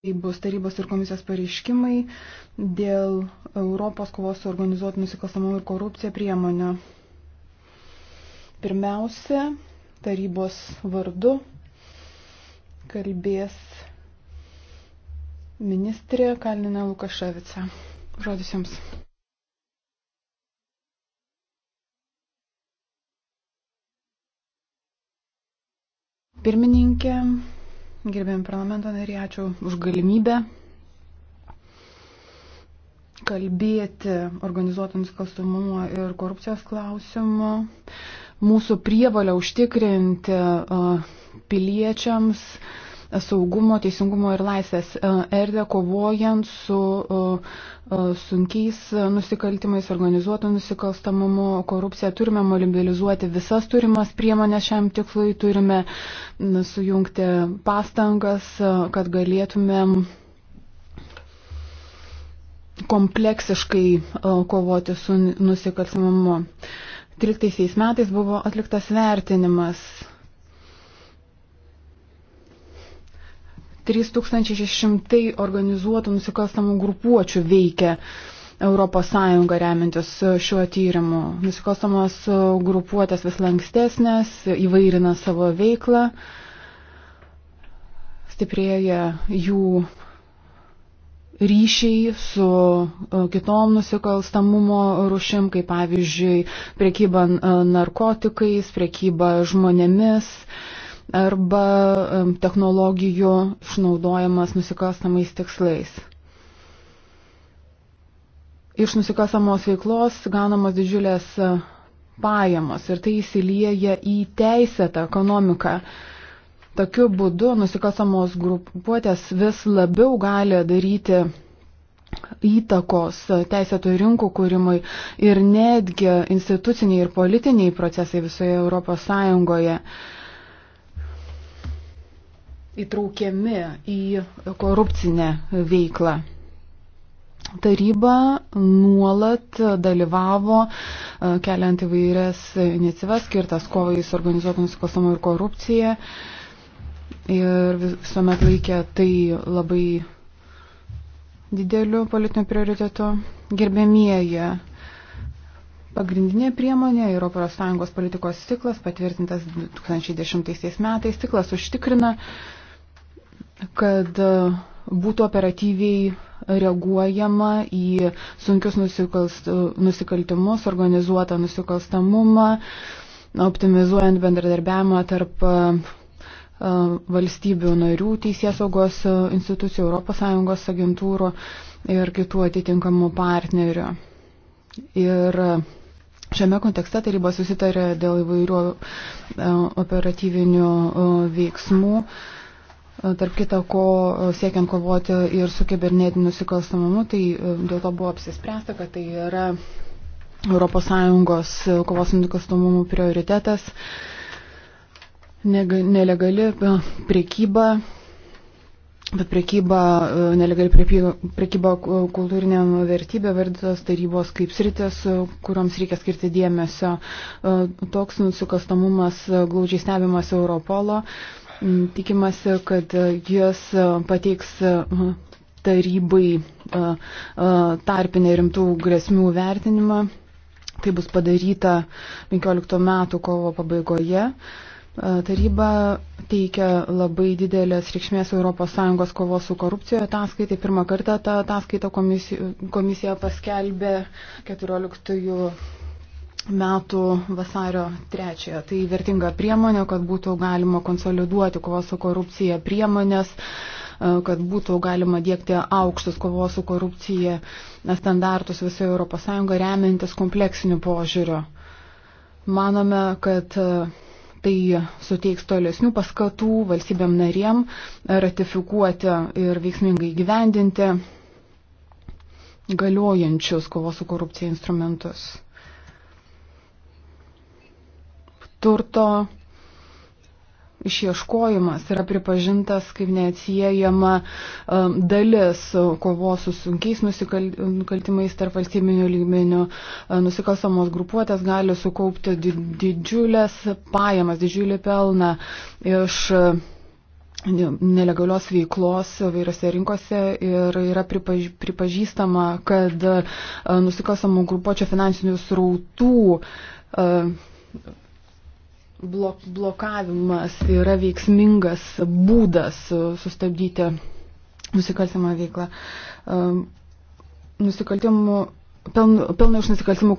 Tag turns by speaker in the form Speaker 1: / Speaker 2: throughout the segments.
Speaker 1: Tai bus tarybos ir komisijos pareiškimai dėl Europos kovos su organizuotų nusikalstamų ir korupcija priemonė. Pirmiausia, tarybos vardu kalbės ministrė Kalnina Lukaševica. Žodis jums. Pirmininkė, Gerbėjim parlamento narį, ačiū už galimybę kalbėti organizuotų nusikalstamumo ir korupcijos klausimų. Mūsų prievalia užtikrinti piliečiams uh, saugumo, teisingumo ir laisvės e, erdvę, kovojant su e, e, sunkiais nusikaltimais, organizuotų nusikalstamumu, korupcija. Turime mobilizuoti visas turimas priemonės šiam tikslui, turime sujungti pastangas, kad galėtumėm kompleksiškai kovoti su nusikaltimumu. 13 metais buvo atliktas vertinimas 3600 organizuotų nusikalstamų grupuočių veikia ES remintis šiuo tyrimu. Nusikalstamos grupuotės vis lankstesnės, įvairina savo veiklą, stiprėja jų ryšiai su e, kitom nusikalstamumo rušim, kaip pavyzdžiui, priekyba e, narkotikais, priekyba žmonėmis, uh, arba technologijų išnaudojimas nusikalstamais tikslais. Iš nusikalstamos veiklos gaunamos didžiulės e, pajamos ir tai įsilieja į teisėtą ekonomiką. Tokiu būdu nusikalstamos grupuotės vis labiau gali daryti įtakos teisėtų rinkų kūrimui ir netgi instituciniai ir politiniai procesai visoje Europos Sąjungoje. Uh, įtraukiami į korupcinę veiklą. Taryba nuolat dalyvavo e, keliant įvairias iniciatyvas skirtas kovai su organizuotų nusikalstamų ir korupcija ir visuomet laikė tai labai dideliu politiniu prioritetu. Gerbėmieji, Pagrindinė priemonė ES politikos ciklas, patvirtintas 2010 metais, ciklas užtikrina kad e, būtų operatyviai reaguojama į sunkius e, nusikaltimus, organizuotą nusikalstamumą, optimizuojant bendradarbiavimą tarp e, valstybių narių, teisėsaugos institucijų, ES agentūrų ir kitų atitinkamų partnerių. Ir Šiame kontekste taryba susitarė dėl įvairių operatyvinių veiksmų. Uh, E, tarp kita ko e, siekiant kovoti ir su kibernetiniu nusikalstamumu, tai e, dėl to buvo apsispręsta, kad tai yra ES kovos nusikalstamumu prioritetas, nelegali priekyba. Bet prekyba, nelegali prekyba, prekyba kultūrinėm vertybė vardytos tarybos kaip sritis, kuriuoms reikia skirti dėmesio. Toks nusikastamumas glaudžiai stebimas Europolo. Mm, tikimasi, kad e, jos e, pateiks e, tarybai tarpinę rimtų grėsmių vertinimą. Tai bus padaryta 15 metų kovo pabaigoje. Taryba teikia labai didelės reikšmės ES kovos su korupcijoje ataskaitai. Pirmą kartą tą ataskaitą komisija, komisija paskelbė 14 metų vasario 3. Tai vertinga priemonė, kad būtų galima konsoliduoti kovos su korupcija priemonės, e, kad būtų galima dėkti aukštus kovos su korupcija standartus visoje ES remiantis kompleksiniu požiūriu. Manome, kad e, tai suteiks tolesnių paskatų valstybėm narėm ratifikuoti ir veiksmingai gyvendinti galiojančius kovos su korupcija instrumentus. turto išieškojimas yra pripažintas kaip neatsiejama um, dalis kovos su sunkiais nusikaltimais tarp valstybinių lygmenių. Uh, nusikalstamos grupuotės gali sukaupti didžiulės pajamas, didžiulį pelną iš uh, nelegalios veiklos vairiose rinkose ir yra pripaž, pripažįstama, kad uh, nusikalstamų grupuočio finansinių srautų blok, blokavimas yra veiksmingas būdas sustabdyti nusikaltimą veiklą. Ehm, nusikaltimų Pelno iš nusikaltimų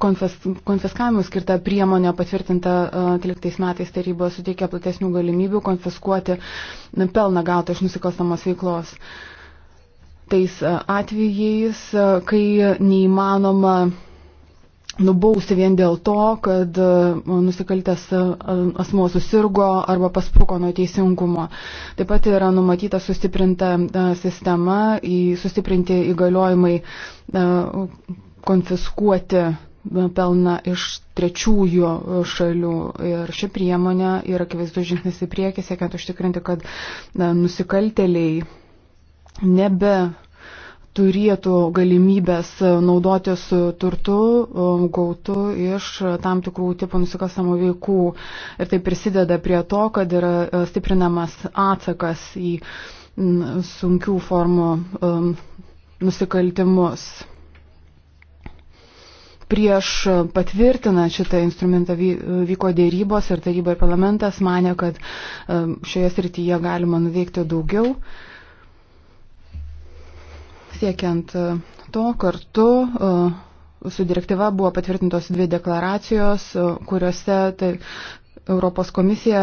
Speaker 1: konfes, konfiskavimų skirta priemonė patvirtinta 13 e, metais taryba suteikia platesnių galimybių konfiskuoti pelną gautą iš nusikalstamos veiklos. Tais e, atvejais, e, kai neįmanoma nubausti vien dėl to, kad e, nusikaltęs e, asmuo susirgo arba paspruko nuo teisingumo. Taip pat yra numatyta sustiprinta e, sistema, sustiprinti įgaliojimai konfiskuoti pelną iš trečiųjų šalių. Ir ši priemonė yra akivaizdus žingsnis į priekį, siekiant užtikrinti, kad nusikalteliai nebe turėtų galimybės e, naudotis e, turtu e, gautu iš tam tikrų tipų nusikalstamų veikų. Ir tai prisideda prie to, kad yra stiprinamas atsakas į sunkių formų nusikaltimus. Prieš patvirtinant šitą instrumentą vyko dėrybos ir taryba ir parlamentas mane, kad šioje srityje galima nuveikti daugiau. Siekiant e, to kartu e, su direktyva buvo patvirtintos dvi deklaracijos, e, kuriuose tai, Europos komisija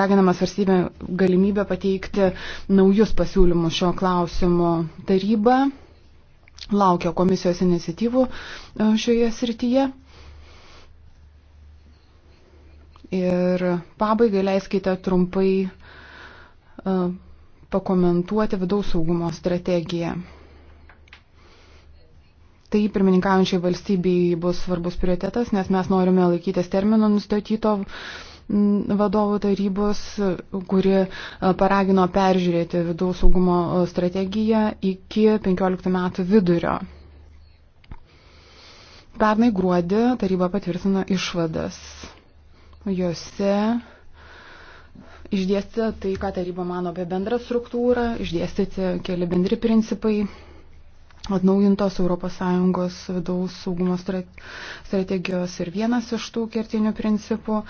Speaker 1: raginama svarstybė galimybę pateikti naujus pasiūlymus šio klausimo taryba. Laukia komisijos iniciatyvų šioje srityje. Ir pabaigai leiskite trumpai pakomentuoti vidaus saugumo strategiją. Tai pirmininkaujančiai valstybei bus svarbus prioritetas, nes mes norime laikytis termino nustatyto mm, vadovų tarybos, kuri e, paragino peržiūrėti vidaus saugumo e, strategiją iki 15 metų vidurio. Pernai gruodį taryba patvirtino išvadas. Jose išdėstė tai, ką taryba mano apie bendrą struktūrą, išdėstyti keli bendri principai, atnaujintos ES vidaus saugumo strategijos ir vienas iš tų kertinių principų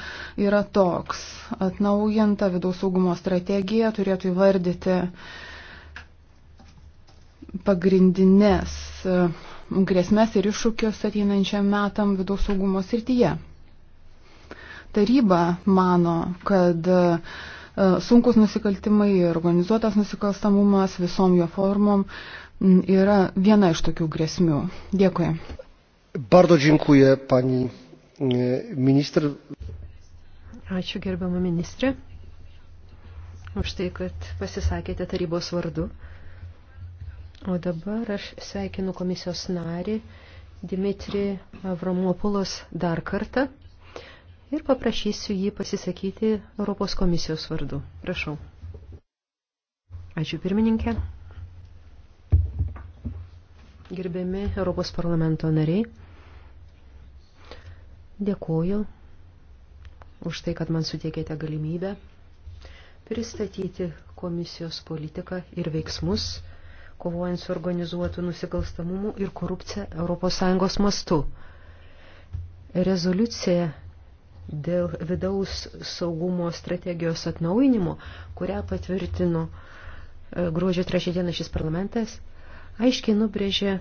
Speaker 1: yra toks. Atnaujinta vidaus saugumo strategija turėtų įvardyti pagrindinės e, grėsmės ir iššūkius ateinančiam metam vidaus saugumo srityje. Taryba mano, kad e, sunkus nusikaltimai ir organizuotas nusikalstamumas visom jo formom Mm, yra viena iš tokių grėsmių. Dėkui.
Speaker 2: Bardzo dziękuję pani e, minister. Ačiū gerbama ministrė už tai, kad pasisakėte tarybos vardu. O dabar aš sveikinu komisijos narį Dimitri Avramopulos dar kartą ir paprašysiu jį pasisakyti Europos komisijos vardu. Prašau. Ačiū pirmininkė. Gerbiami Europos parlamento nariai, dėkuoju už tai, kad man suteikėte galimybę pristatyti komisijos politiką ir veiksmus, kovojant su organizuotu nusikalstamumu ir korupcija ES mastu. Rezoliucija dėl vidaus saugumo strategijos atnaujinimo, kurią patvirtino e, gruodžio 3 dieną šis parlamentas, aiškiai nubrėžė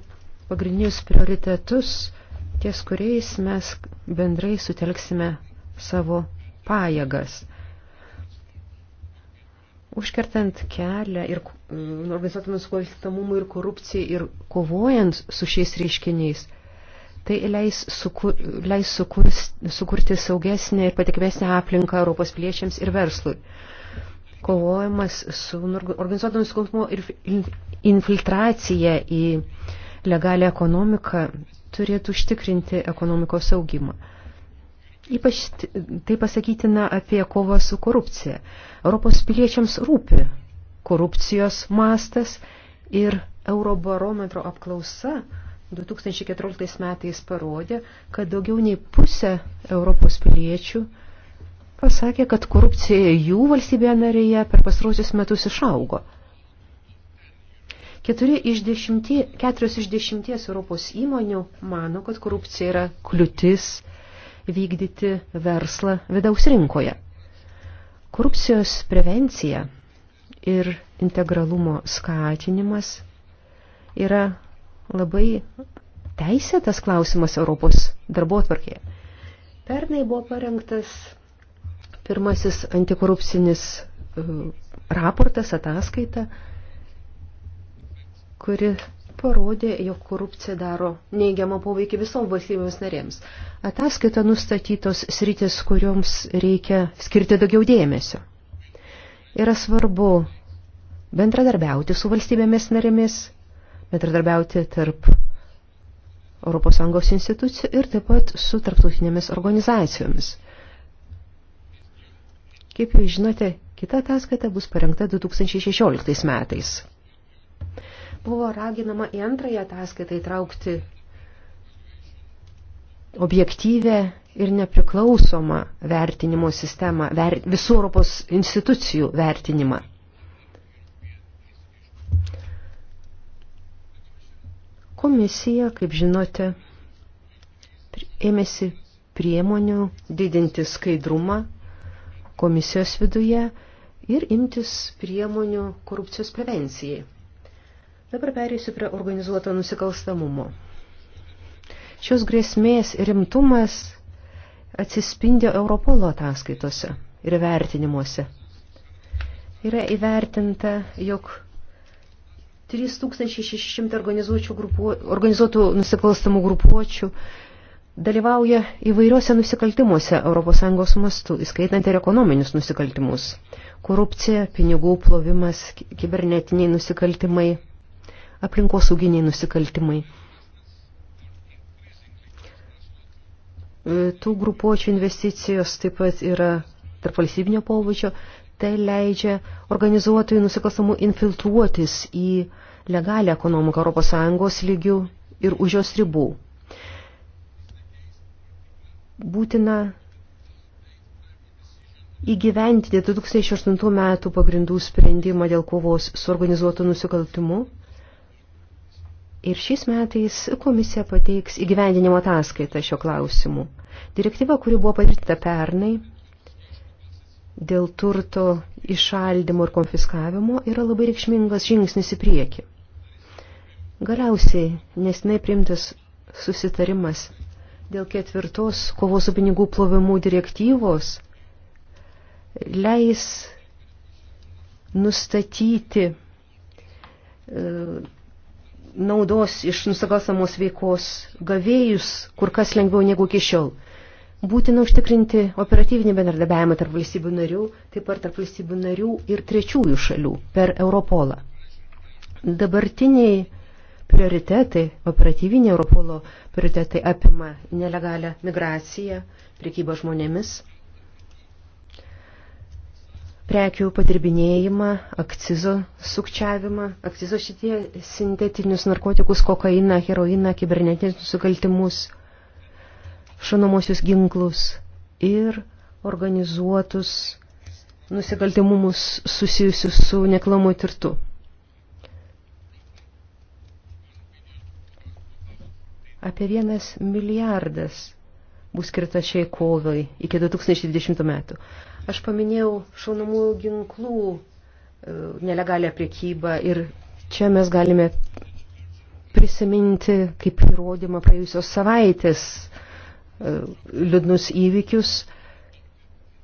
Speaker 2: pagrindinius prioritetus, ties kuriais mes bendrai sutelksime savo pajėgas. Užkertant kelią ir mm, organizuotamės nusikalstamumui ir korupcijai ir kovojant su šiais reiškiniais, tai leis, sukur, leis sukurs, sukurti saugesnę ir patikvesnę aplinką Europos piliečiams ir verslui kovojimas su organizuotų nusikaltimo ir infiltracija į legalią ekonomiką turėtų užtikrinti ekonomikos augimą. Ypač tai pasakytina apie kovą su korupcija. Europos piliečiams rūpi korupcijos mastas ir Eurobarometro apklausa 2014 metais parodė, kad daugiau nei pusė Europos piliečių pasakė, kad korupcija jų valstybėje narėje per pastarosius metus išaugo. Keturi iš dešimtie, keturios iš dešimties Europos įmonių mano, kad korupcija yra kliūtis vykdyti verslą vidaus rinkoje. Korupcijos prevencija ir integralumo skatinimas yra labai teisėtas klausimas Europos darbo atvarkėje. Pernai buvo parengtas Pirmasis antikorupcinis e, raportas, ataskaita, kuri parodė, jog korupcija daro neigiamą poveikį visoms valstybėms narėms. Ataskaita nustatytos sritis, kurioms reikia skirti daugiau dėmesio. Yra svarbu bendradarbiauti su valstybėmis narėmis, bendradarbiauti tarp ES institucijų ir taip pat su tarptautinėmis organizacijomis. Kaip jūs žinote, kita ataskaita bus parengta 2016 metais. Buvo raginama į antrąją ataskaitą įtraukti objektyvę ir nepriklausomą vertinimo sistemą, ver, visų Europos institucijų vertinimą. Komisija, kaip žinote, ėmėsi priemonių didinti skaidrumą komisijos viduje ir imtis priemonių korupcijos prevencijai. Dabar perėsiu prie organizuoto nusikalstamumo. Šios grėsmės rimtumas atsispindė Europolo ataskaitose ir vertinimuose. Yra įvertinta, jog 3600 organizuotų nusikalstamų grupuočių dalyvauja įvairiuose nusikaltimuose ES mastu, įskaitant ir ekonominius nusikaltimus. Korupcija, pinigų plovimas, kibernetiniai nusikaltimai, aplinkosauginiai nusikaltimai. E, tų grupuočių investicijos taip pat yra tarp valstybinio pobūdžio, tai leidžia organizuotojų nusikalstamų infiltruotis į legalią ekonomiką ES lygių ir už jos ribų būtina įgyventinti 2008 metų pagrindų sprendimą dėl kovos su organizuotu nusikaltimu. Ir šiais metais komisija pateiks įgyvendinimo ataskaitą šio klausimu. Direktyva, kuri buvo patvirtinta pernai dėl turto išaldimo ir konfiskavimo, yra labai reikšmingas žingsnis į priekį. Galiausiai nesnai primtas susitarimas dėl ketvirtos kovos su pinigų plovimu direktyvos leis nustatyti e, naudos iš nusikalstamos veikos gavėjus kur kas lengviau negu iki šiol. Būtina užtikrinti operatyvinį bendradarbiavimą tarp valstybių narių, taip pat tarp valstybių narių ir trečiųjų šalių per Europolą. Dabartiniai prioritetai, operatyviniai Europolo prioritetai apima nelegalią migraciją, priekybą žmonėmis, prekių padirbinėjimą, akcizo sukčiavimą, akcizo šitie sintetinius narkotikus, kokainą, heroiną, kibernetinius nusikaltimus, šunamosius ginklus ir organizuotus nusikaltimumus susijusius su neklamu tirtu. Apie vienas milijardas bus skirta šiai kovai iki 2020 metų. Aš paminėjau šaunamųjų ginklų e, nelegalią priekybą ir čia mes galime prisiminti kaip įrodymą praėjusios savaitės e, liūdnus įvykius.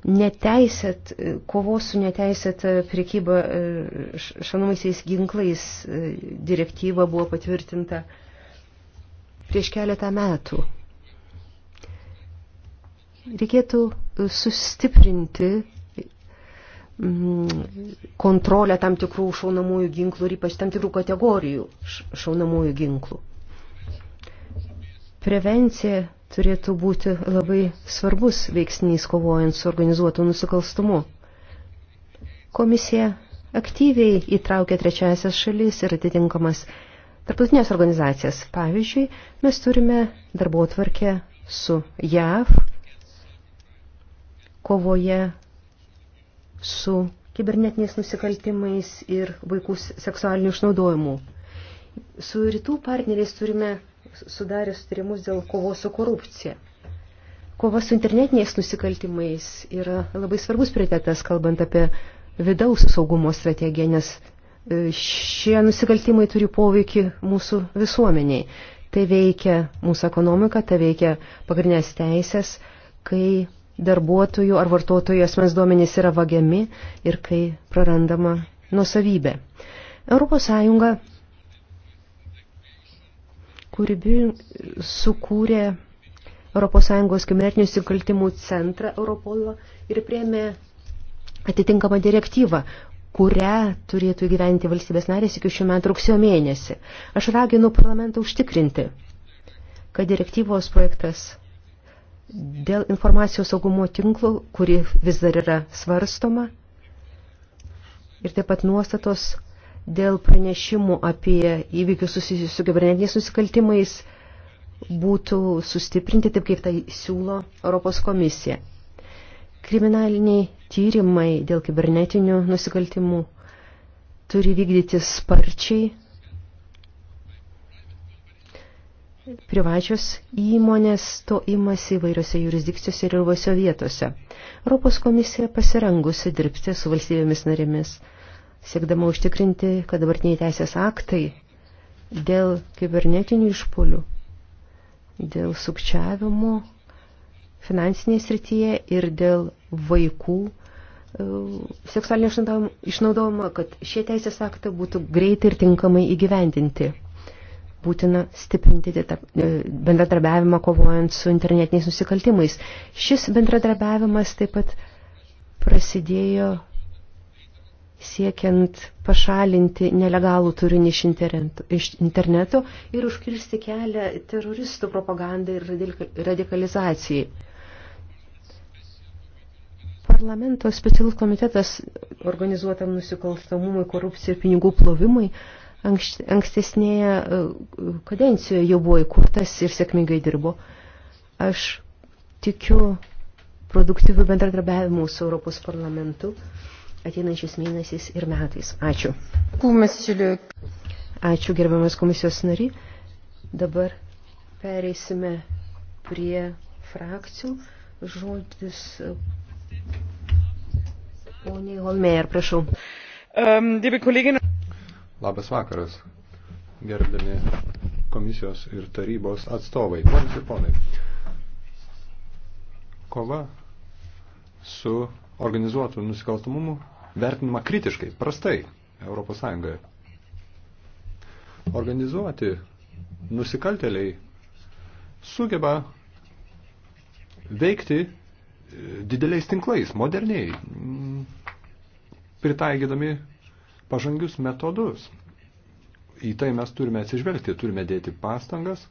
Speaker 2: Neteisėt, e, kovos su neteisėta priekyba šanumaisiais ginklais direktyva buvo patvirtinta prieš keletą metų. Reikėtų sustiprinti mm, kontrolę tam tikrų šaunamųjų ginklų ir ypač tam tikrų kategorijų šaunamųjų ginklų. Prevencija turėtų būti labai svarbus veiksnys kovojant su organizuotu nusikalstumu. Komisija aktyviai įtraukia trečiasias šalis ir atitinkamas tarptautinės organizacijas. Pavyzdžiui, mes turime darbo tvarkę su JAV kovoje su kibernetiniais nusikaltimais ir vaikų seksualiniu išnaudojimu. Su rytų partneriais turime sudarę sutarimus dėl kovos su korupcija. Kova su internetiniais nusikaltimais yra labai svarbus prioritetas, kalbant apie vidaus saugumo strategiją, nes šie nusikaltimai turi poveikį mūsų visuomeniai. Tai veikia mūsų ekonomika, tai veikia pagrindinės teisės, kai darbuotojų ar vartotojų asmens duomenys yra vagiami ir kai prarandama nusavybė. Europos Sąjunga, kuri sukūrė Europos Sąjungos kimertinių nusikaltimų centrą Europolo ir priemė atitinkamą direktyvą, kurią turėtų gyventi valstybės narės iki šių metų rugsėjo mėnesį. Aš raginu parlamentą užtikrinti, kad direktyvos projektas dėl informacijos saugumo tinklų, kuri vis dar yra svarstoma, ir taip pat nuostatos dėl pranešimų apie įvykius susijusius su kibernetiniais nusikaltimais būtų sustiprinti taip, kaip tai siūlo Europos komisija. Kriminaliniai tyrimai dėl kibernetinių nusikaltimų turi vykdyti sparčiai. Privačios įmonės to imasi įvairiose jurisdikcijose ir ilvose vietose. Europos komisija pasirengusi dirbti su valstybėmis narėmis, siekdama užtikrinti, kad dabartiniai teisės aktai dėl kibernetinių išpolių, dėl sukčiavimo finansinėje srityje ir dėl vaikų e, seksualinio išnaudojimo, kad šie teisės aktai būtų greitai ir tinkamai įgyvendinti. Būtina stiprinti e, bendradarbiavimą kovojant su internetiniais nusikaltimais. Šis bendradarbiavimas taip pat prasidėjo siekiant pašalinti nelegalų turinį iš interneto ir užkirsti kelią teroristų propagandai ir radikalizacijai. Parlamento specialus komitetas organizuotam nusikalstamumui, korupcijai ir pinigų plovimui ankstesnėje e, kadencijoje jau buvo įkurtas ir sėkmingai dirbo. Aš tikiu produktyvių bendradarbiavimų su Europos parlamentu ateinančiais mėnesiais ir metais. Ačiū. Ačiū, gerbiamas komisijos nari. Dabar pereisime prie frakcijų. Žodis Pone Holmeier, prašau.
Speaker 3: Labas vakaras, gerbdami komisijos ir tarybos atstovai. Ponas ir ponai, kova su organizuotų nusikalstamumu vertinama kritiškai, prastai Europos Sąjungoje. Organizuoti nusikalteliai sugeba veikti dideliais tinklais, moderniai, pritaikydami pažangius metodus. Į tai mes turime atsižvelgti, turime dėti pastangas,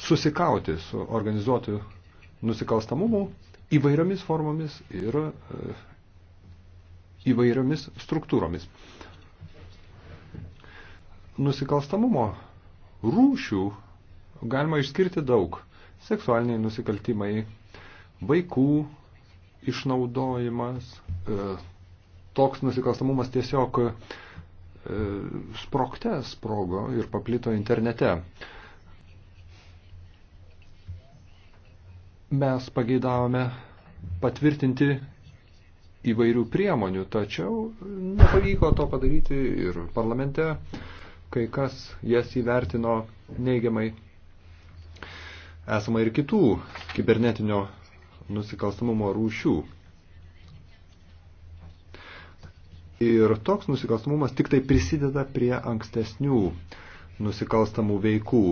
Speaker 3: susikauti su organizuotu nusikalstamumu įvairiomis formomis ir e, įvairiomis struktūromis. Nusikalstamumo rūšių galima išskirti daug. Seksualiniai nusikaltimai, vaikų išnaudojimas, e, toks nusikalstamumas tiesiog e, sprokte sprogo ir paplito internete. Mes pageidavome patvirtinti įvairių priemonių, tačiau nepavyko to padaryti ir parlamente kai kas jas įvertino neigiamai. Esama ir kitų kibernetinio nusikalstamumo rūšių. Ir toks nusikalstamumas tik tai prisideda prie ankstesnių nusikalstamų veikų.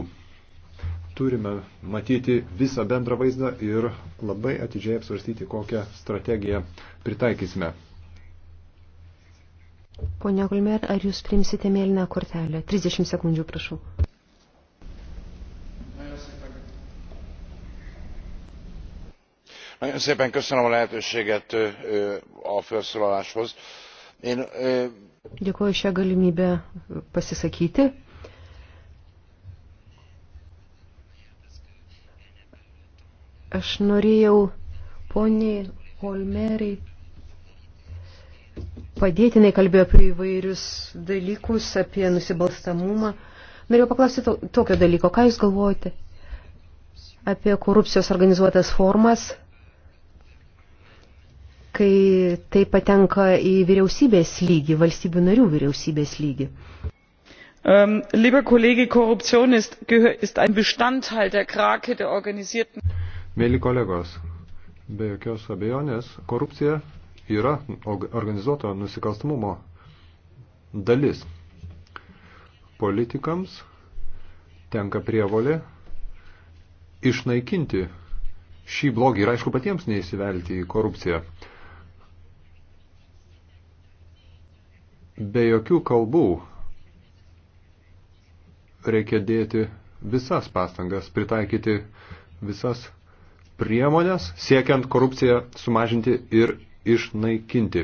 Speaker 3: Turime matyti visą bendrą vaizdą ir labai atidžiai apsvarstyti, kokią strategiją pritaikysime.
Speaker 2: Pone Gulmer, ar jūs primsite mėlyną kortelę? 30 sekundžių, prašau.
Speaker 3: nagyon szépen köszönöm a lehetőséget
Speaker 1: a felszólaláshoz.
Speaker 2: Dėkuoju šią galimybę pasisakyti. Aš norėjau poniai Holmeriai padėti, jinai kalbėjo apie įvairius dalykus, apie nusibalstamumą. Norėjau paklausyti tokio dalyko, ką Jūs galvojate apie korupcijos organizuotas formas kai tai patenka į vyriausybės lygį, valstybių narių vyriausybės lygį.
Speaker 1: Um, lieber Kollege, Korruption ist, ist ein Bestandteil der Krake der organisierten.
Speaker 3: Mėly kolegos, be jokios abejonės, korupcija yra organizuoto nusikalstamumo dalis. Politikams tenka prievolė išnaikinti šį blogį ir aišku patiems neįsivelti į korupciją. be jokių kalbų reikia dėti visas pastangas, pritaikyti visas priemonės, siekiant korupciją sumažinti ir išnaikinti.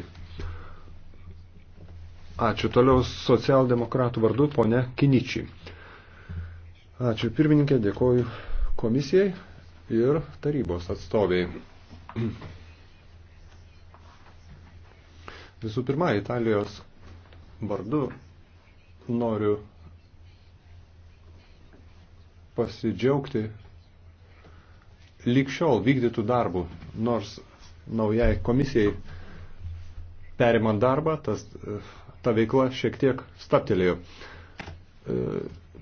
Speaker 3: Ačiū toliau socialdemokratų vardu, ponė Kiničiai. Ačiū pirmininkė, dėkoju komisijai ir tarybos atstoviai. Visų pirma, Italijos vardu noriu pasidžiaugti likščiol vykdytų darbų, nors naujai komisijai perimant darbą, tas, ta veikla šiek tiek staptelėjo. E,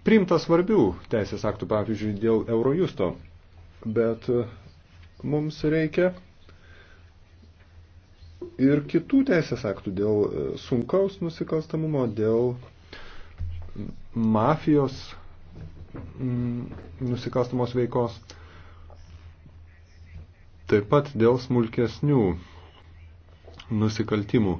Speaker 3: priimta svarbių teisės aktų, pavyzdžiui, dėl Eurojusto, bet mums reikia ir kitų teisės aktų dėl e, sunkaus nusikalstamumo, dėl mafijos mm, nusikalstamos veikos, taip pat dėl smulkesnių nusikaltimų.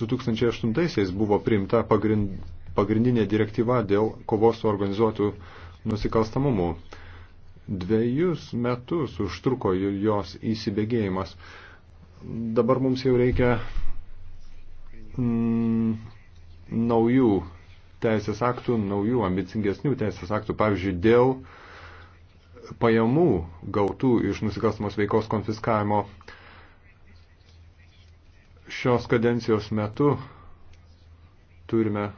Speaker 3: 2008 buvo priimta pagrindinė direktyva dėl kovos su organizuotų nusikalstamumu. Dviejus metus užtruko jos įsibėgėjimas. Dabar mums jau reikia mm, naujų teisės aktų, naujų ambicingesnių teisės aktų, pavyzdžiui, dėl pajamų gautų iš nusikalstamos veikos konfiskavimo šios kadencijos metu turime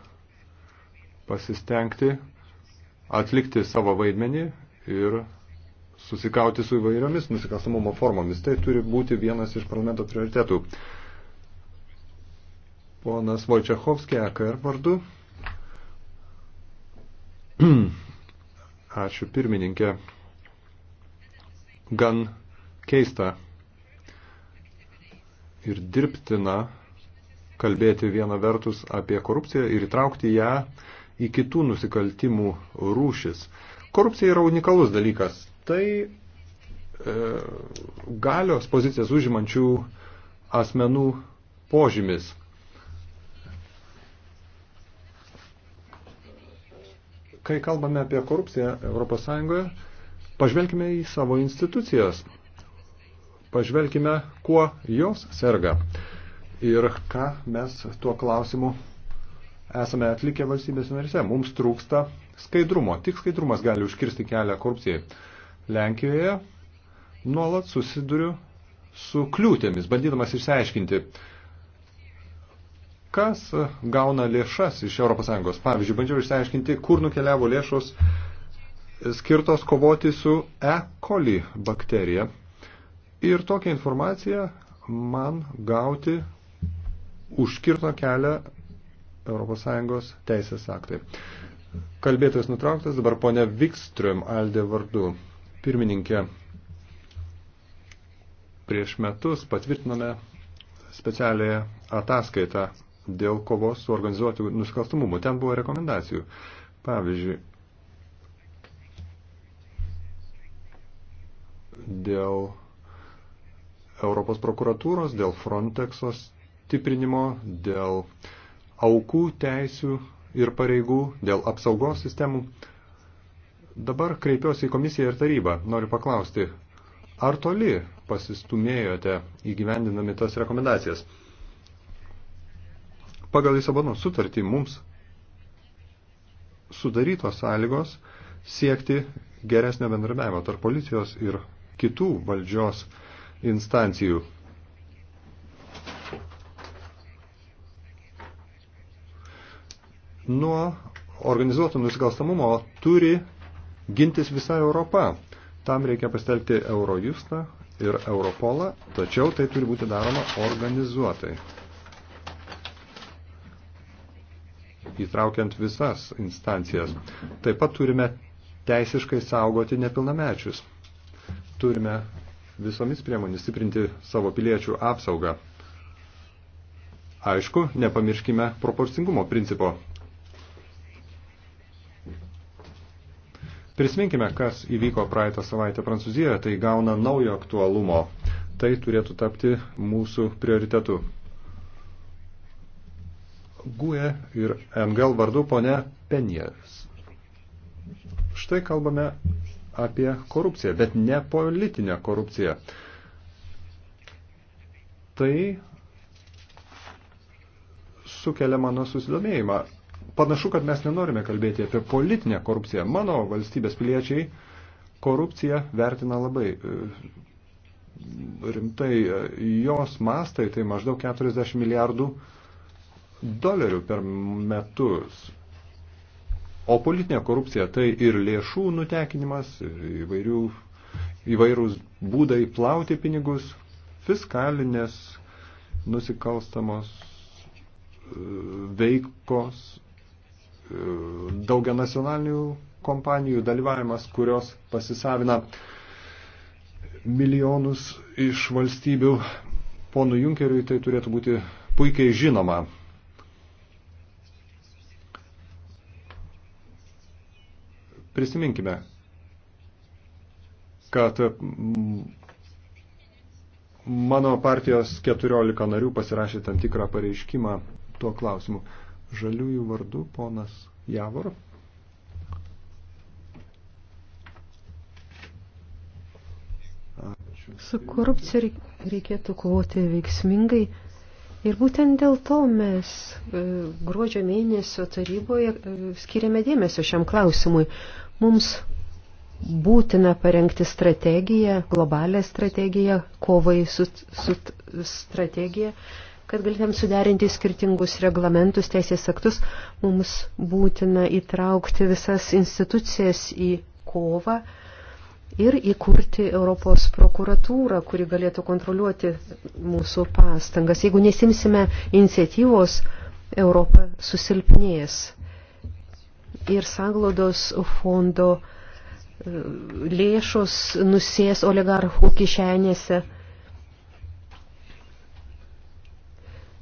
Speaker 3: pasistengti atlikti savo vaidmenį ir susikauti su įvairiomis nusikalstamumo formomis. Tai turi būti vienas iš parlamento prioritetų. Ponas Vojčiachovskė, AKR e vardu. Ačiū pirmininkė. Gan keista ir dirbtina kalbėti vieną vertus apie korupciją ir įtraukti ją į kitų nusikaltimų rūšis. Korupcija yra unikalus dalykas tai e, galios pozicijas užimančių asmenų požymis. Kai kalbame apie korupciją ES, pažvelkime į savo institucijas. Pažvelkime, kuo jos serga ir ką mes tuo klausimu esame atlikę valstybės narise. Mums trūksta skaidrumo. Tik skaidrumas gali užkirsti kelią korupcijai. Lenkijoje nuolat susiduriu su kliūtėmis, bandydamas išsiaiškinti, kas gauna lėšas iš ES. Pavyzdžiui, bandžiau išsiaiškinti, kur nukeliavo lėšos skirtos kovoti su E. coli bakterija. Ir tokią informaciją man gauti užkirto kelią ES teisės aktai. Kalbėtojas nutrauktas, dabar ponia Vikström Aldė vardu. Pirmininkė, prieš metus patvirtiname specialiąją ataskaitą dėl kovos su organizuotų nusikalstumumu. Ten buvo rekomendacijų. Pavyzdžiui, dėl Europos prokuratūros, dėl Frontexo stiprinimo, dėl aukų teisių ir pareigų, dėl apsaugos sistemų. Dabar kreipiuosi į komisiją ir tarybą. Noriu paklausti, ar toli pasistumėjote įgyvendinami tas rekomendacijas? Pagal Lisabono sutartį mums sudarytos sąlygos siekti geresnio bendradarbiavimo tarp policijos ir kitų valdžios instancijų. Nuo organizuoto nusikalstamumo turi gintis visa Europa. Tam reikia pastelti Eurojustą ir Europolą, tačiau tai turi būti daroma organizuotai. Įtraukiant visas instancijas. Taip pat turime teisiškai saugoti nepilnamečius. Turime visomis priemonės stiprinti savo piliečių apsaugą. Aišku, nepamirškime proporcingumo principo. Prisiminkime, kas įvyko praeitą savaitę Prancūzijoje, tai gauna naujo aktualumo. Tai turėtų tapti mūsų prioritetu. GUE ir NGL vardu ponė Penijas. Štai kalbame apie korupciją, bet ne politinę korupciją. Tai sukelia mano susidomėjimą panašu, kad mes nenorime kalbėti apie politinę korupciją. Mano valstybės piliečiai korupciją vertina labai e, rimtai. Jos mastai tai maždaug 40 milijardų dolerių per metus. O politinė korupcija tai ir lėšų nutekinimas, ir įvairių, įvairūs būdai plauti pinigus, fiskalinės nusikalstamos e, veikos daugia nacionalinių kompanijų dalyvavimas, kurios pasisavina milijonus iš valstybių. Ponu Junkeriui tai turėtų būti puikiai žinoma. Prisiminkime, kad mano partijos 14 narių pasirašė tam tikrą pareiškimą tuo klausimu žaliųjų vardu ponas Javor. Ačiū.
Speaker 2: Su korupcija reikėtų kovoti veiksmingai. Ir būtent dėl to mes e, gruodžio mėnesio taryboje e, skiriame dėmesio šiam klausimui. Mums būtina parengti strategiją, globalę strategiją, kovai su, su strategija Kad galėtum suderinti skirtingus reglamentus, teisės aktus, mums būtina įtraukti visas institucijas į kovą ir įkurti Europos prokuratūrą, kuri galėtų kontroliuoti mūsų pastangas. Jeigu nesimsime iniciatyvos, Europa susilpnės. Ir sanglodos fondo e, lėšos nusės oligarchų kišenėse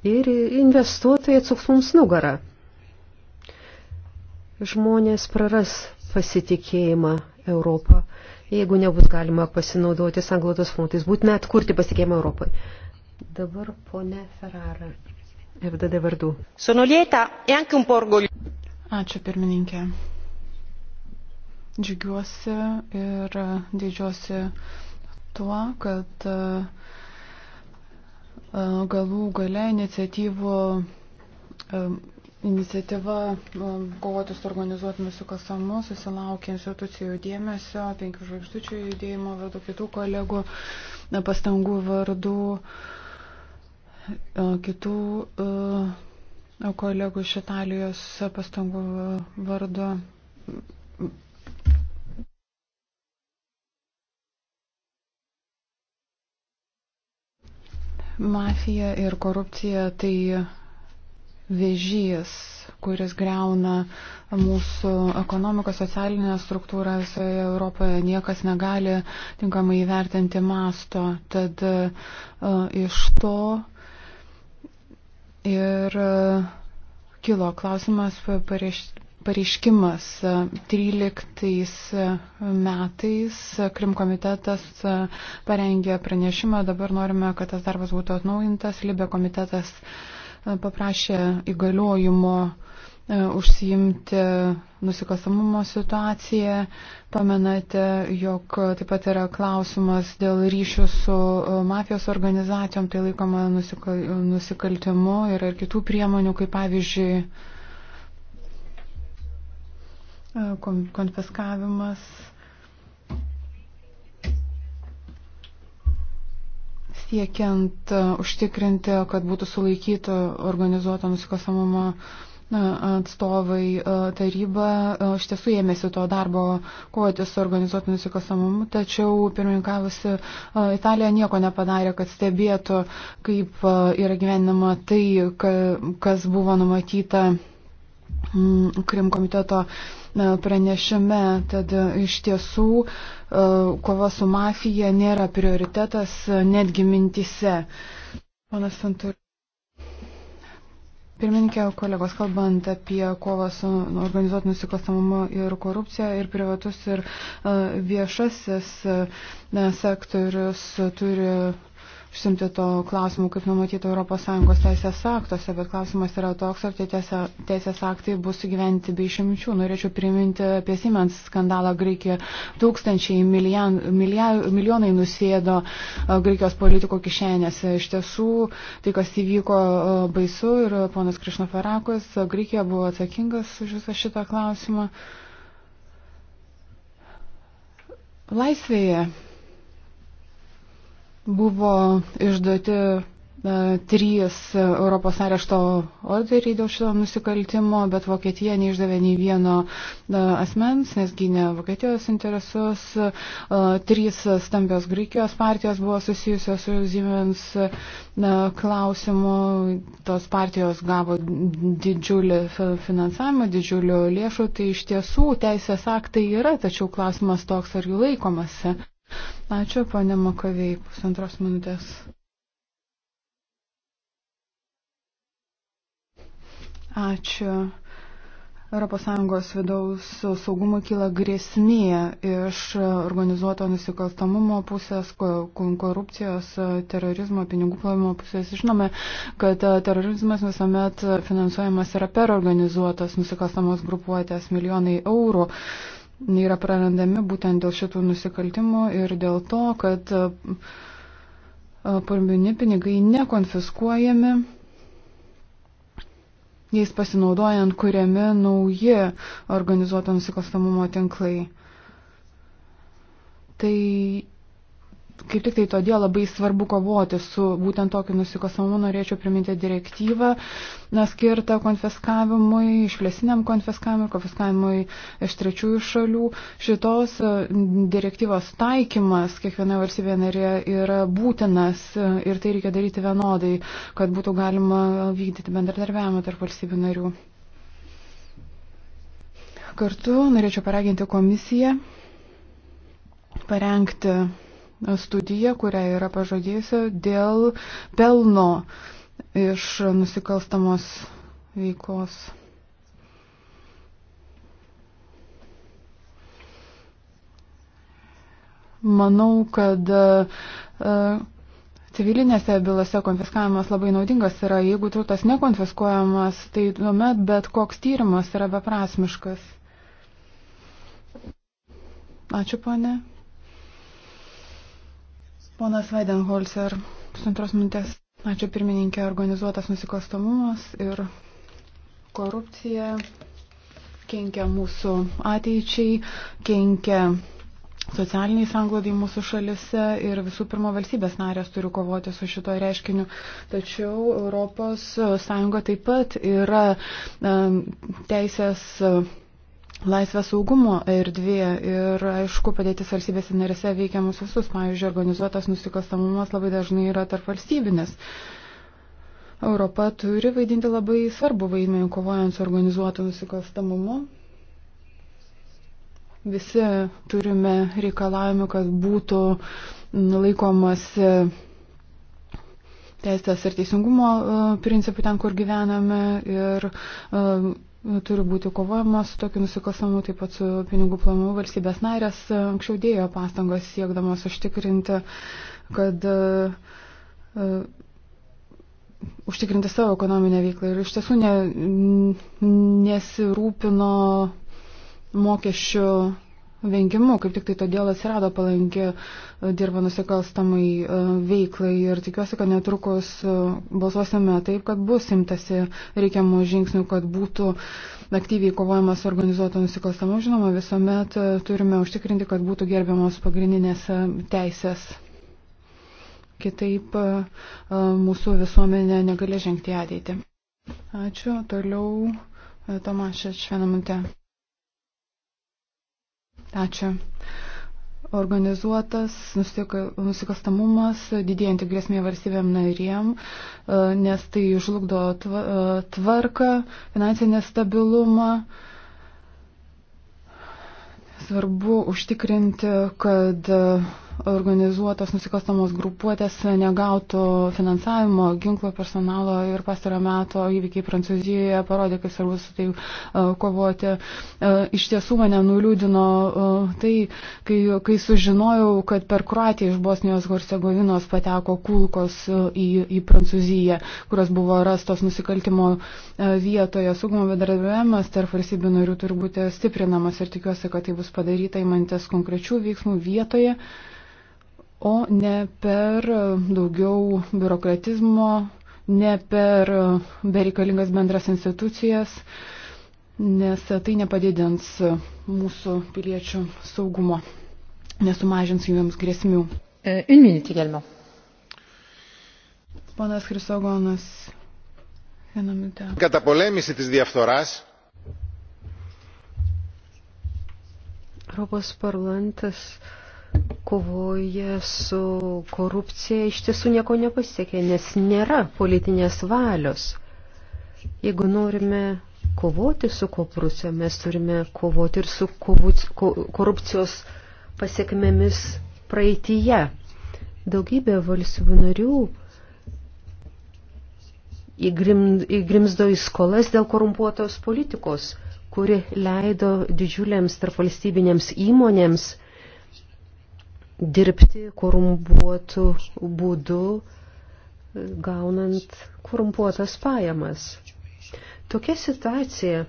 Speaker 2: ir investuotojai atsuks mums nugarą. Žmonės praras pasitikėjimą Europą, jeigu nebus galima pasinaudoti sanglotos fondais, būtina atkurti pasitikėjimą Europai. Dabar ponė Ferrara, FDD vardu.
Speaker 1: Sono lieta e anche un po' orgogliosa. Ačiū pirmininkė. Džiugiuosi ir didžiuosi tuo, kad uh, E, galų gale iniciatyvų, e, iniciatyva e, kovoti su organizuotų nusikalstamu susilaukė institucijų dėmesio, penkių žvaigždučių judėjimo vardu, kitų kolegų pastangų vardu, kitų kolegų iš Italijos pastangų vardu Mafija ir korupcija tai vežys, kuris greuna mūsų ekonomiką, socialinę struktūrą visoje Europoje. Niekas negali tinkamai įvertinti masto. Tad uh, iš to ir uh, kilo klausimas pareiškimas 13 e, e, metais e, Krim komitetas parengė pranešimą, dabar norime, kad tas darbas būtų atnaujintas, Libė komitetas paprašė įgaliojimo užsiimti nusikasamumo situaciją. Pamenate, jog taip pat yra klausimas dėl ryšių su mafijos organizacijom, tai laikoma nusikal, nusikaltimu ir kitų priemonių, kaip pavyzdžiui konfiskavimas, siekiant užtikrinti, kad būtų sulaikyta organizuoto nusikalstamumo atstovai taryba iš tiesų ėmėsi to darbo kovoti su organizuotu nusikalstamumu, tačiau pirmininkavusi Italija nieko nepadarė, kad stebėtų, kaip yra gyvenama tai, kas buvo numatyta Krim komiteto uh, pranešime. Tad iš tiesų e, kova su mafija nėra prioritetas netgi mintise. Ponas Santur. Pirmininkė, kolegos, kalbant apie kovą su organizuotų nusikalstamumu ir korupcija ir privatus ir e, viešasis e, sektorius turi užsimti to klausimu, kaip numatyta ES teisės aktuose, bet klausimas yra toks, ar tie teisės aktai bus įgyventi be išimčių. Norėčiau priminti apie Siemens skandalą Graikijoje. Tūkstančiai milijan, milijan, milijonai nusėdo Graikijos politiko kišenėse. Iš tiesų, tai, kas įvyko, baisu ir ponas Krišnoferakos Graikija buvo atsakingas už visą šitą klausimą. Laisvėje Buvo išduoti e, trys Europos arešto orderiai dėl šio nusikaltimo, bet Vokietija neišdavė nei vieno e, asmens, nes gynė Vokietijos interesus. E, trys stambios Graikijos partijos buvo susijusios su Siemens klausimu. Tos partijos gavo didžiulį finansavimą, didžiulių lėšų. Tai iš tiesų teisės aktai yra, tačiau klausimas toks, ar jų laikomasi. Ačiū, ponė Makovėjai, pusantros minutės. Ačiū. ES vidaus saugumo kyla grėsmė iš organizuoto nusikalstamumo pusės, korupcijos, terorizmo, pinigų plovimo pusės. Žinome, kad terorizmas visuomet finansuojamas yra per organizuotas nusikalstamos grupuotės milijonai eurų yra prarandami būtent dėl šitų nusikaltimų ir dėl to, kad e, e, parmini pinigai nekonfiskuojami, jais pasinaudojant kuriami nauji organizuoto nusikalstamumo tinklai. Tai kaip tik tai todėl labai svarbu kovoti su būtent tokiu nusikosamu, norėčiau priminti direktyvą, na, skirtą konfiskavimui, išplėsiniam konfiskavimui, konfiskavimui iš trečiųjų šalių. Šitos e, direktyvos taikymas kiekvienoje valstybėje narėje yra būtinas e, ir tai reikia daryti vienodai, kad būtų galima vykdyti bendradarbiavimą tarp valstybių narių. Kartu norėčiau paraginti komisiją parengti studiją, kurią yra pažadėjusi dėl pelno iš nusikalstamos veikos. Manau, kad e, civilinėse bylose konfiskavimas labai naudingas yra. Jeigu turtas nekonfiskuojamas, tai tuomet bet koks tyrimas yra beprasmiškas. Ačiū, ponė. Ponas Vaidenholzer, pusantros minutės. Ačiū pirmininkė, organizuotas nusikostamumas ir korupcija kenkia mūsų ateičiai, kenkia socialiniai sanglodai mūsų šalise ir visų pirma valstybės narės turi kovoti su šito reiškiniu. Tačiau ES taip pat yra teisės laisvę saugumo erdvėje ir aišku padėtis valstybėse narėse veikia mus visus. Pavyzdžiui, organizuotas nusikastamumas labai dažnai yra tarp valstybinis. Europa turi vaidinti labai svarbu vaidmenį kovojant su organizuotu nusikalstamumu. Visi turime reikalavimų, kad būtų laikomas teisės ir teisingumo e, principų ten, kur gyvename. Ir e, Turi būti kovojama su tokiu nusikalstamu, taip pat su pinigų planu valstybės narės e, anksčiau dėjo pastangos siekdamos užtikrinti, kad uh, užtikrinti savo ekonominę veiklą ir iš tiesų ne, nesirūpino mokesčių vengimu, kaip tik tai todėl atsirado palanki e, dirba nusikalstamai e, veiklai ir tikiuosi, kad netrukus e, balsuosime taip, kad bus imtasi reikiamų žingsnių, kad būtų aktyviai kovojama su organizuotu nusikalstamu. Žinoma, visuomet turime užtikrinti, kad būtų gerbiamos pagrindinės teisės. Kitaip mūsų visuomenė negalės žengti ateitį. Ačiū. Toliau Tomašė Švenamute. Ačiū. Organizuotas nusikastamumas, didėjanti grėsmė valstybėm narėm, e, nes tai žlugdo e, tvarką, finansinį stabilumą svarbu užtikrinti, kad organizuotos nusikalstamos grupuotės negautų finansavimo, ginklo personalo ir pastarojo meto įvykiai Prancūzijoje parodė, kaip svarbu su tai e, kovoti. E, iš tiesų mane nuliūdino e, tai, kai, kai sužinojau, kad per Kroatiją iš Bosnijos Horsegovinos pateko kulkos į, į Prancūziją, kurios buvo rastos nusikaltimo vietoje. Saugumo bedarbiavimas tarp valstybių narių turi būti stiprinamas ir tikiuosi, kad tai bus padaryta įmantis konkrečių veiksmų vietoje o ne per daugiau biurokratizmo, ne per bereikalingas bendras institucijas, nes tai nepadidins mūsų piliečių saugumo, nesumažins jiems grėsmių. E, Ponas Chrysogonas, vieną minutę.
Speaker 3: Καταπολέμηση της διαφθοράς.
Speaker 2: Europos parlamentas kovoje su korupcija iš tiesų nieko nepasiekė, nes nėra politinės valios. Jeigu norime kovoti su korupcija, mes turime kovoti ir su korupcijos pasiekmėmis praeitįje. Daugybė valstybių narių įgrimzdo į skolas dėl korumpuotos politikos, kuri leido didžiuliams tarpvalstybinėms įmonėms – dirbti korumpuotų būdų, gaunant korumpuotas pajamas. Tokia situacija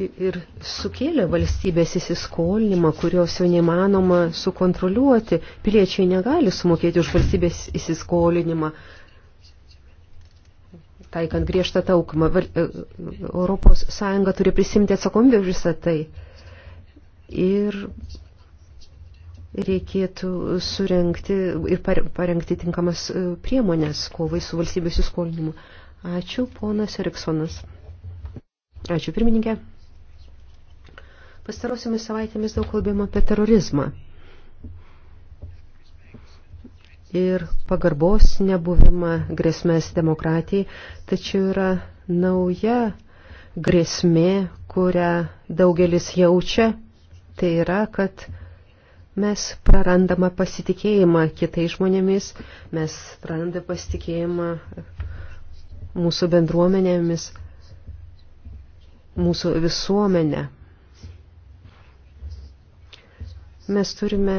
Speaker 2: ir sukėlė valstybės įsiskolinimą, kurios jau neįmanoma sukontroliuoti. Piliečiai negali sumokėti už valstybės įsiskolinimą, taikant griežtą taukimą. E, Europos Sąjunga turi prisimti atsakomybę už visą tai ir reikėtų surenkti ir parengti tinkamas e, priemonės kovai su valstybės įskolinimu. Ačiū, ponas Eriksonas. Ačiū, pirmininkė. Pastarosiomis savaitėmis daug kalbėjom apie terorizmą. Ir pagarbos nebuvimą grėsmės demokratijai, tačiau yra nauja grėsmė, kurią daugelis jaučia Tai yra, kad mes prarandame pasitikėjimą kitai žmonėmis, mes prarandame pasitikėjimą mūsų bendruomenėmis, mūsų visuomenę. Mes turime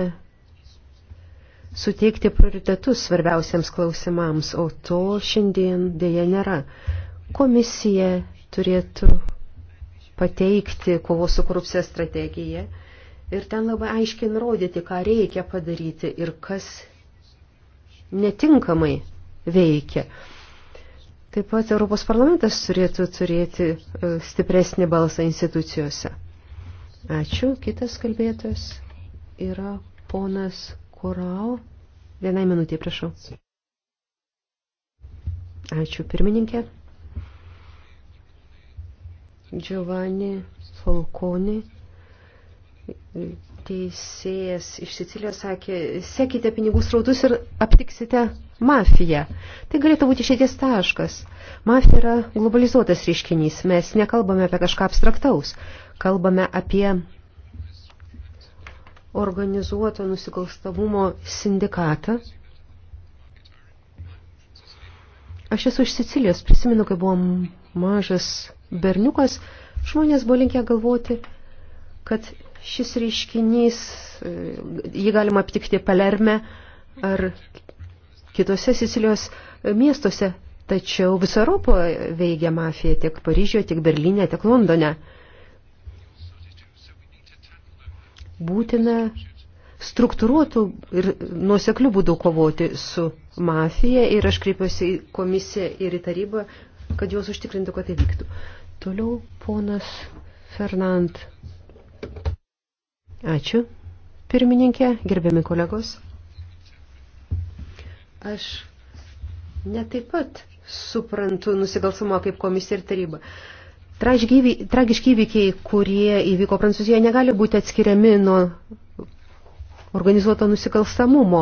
Speaker 2: suteikti prioritetus svarbiausiams klausimams, o to šiandien dėja nėra. Komisija turėtų pateikti kovos su korupcija strategiją Ir ten labai aiškiai nurodyti, ką reikia padaryti ir kas netinkamai veikia. Taip pat Europos parlamentas turėtų turėti e, stipresnį balsą institucijose. Ačiū. Kitas kalbėtojas yra ponas Korau. Vienai minutė, prašau. Ačiū, pirmininkė. Giovanni Falconi teisėjas iš Sicilijos sakė, sekite pinigų srautus ir aptiksite mafiją. Tai galėtų būti išėties taškas. Mafija yra globalizuotas reiškinys. Mes nekalbame apie kažką abstraktaus. Kalbame apie organizuoto nusikalstamumo sindikatą. Aš esu iš Sicilijos, prisimenu, kai buvo mažas berniukas, žmonės buvo linkę galvoti, kad Šis reiškinys, e, jį galima aptikti Palerme ar kitose Sicilijos miestuose, tačiau viso Europoje veikia mafija tiek Paryžioje, tiek Berlyne, tiek Londone. Būtina struktūruotų ir nuoseklių būdų kovoti su mafija ir aš kreipiuosi į komisiją ir į tarybą, kad juos užtikrintų, kad tai vyktų. Toliau ponas Fernand. Ačiū, pirmininkė, gerbiami kolegos. Aš netaip pat suprantu nusigalsumą kaip komisija ir taryba. Tragiški įvykiai, kurie įvyko Prancūzijoje, negali būti atskiriami nuo organizuoto nusikalstamumo.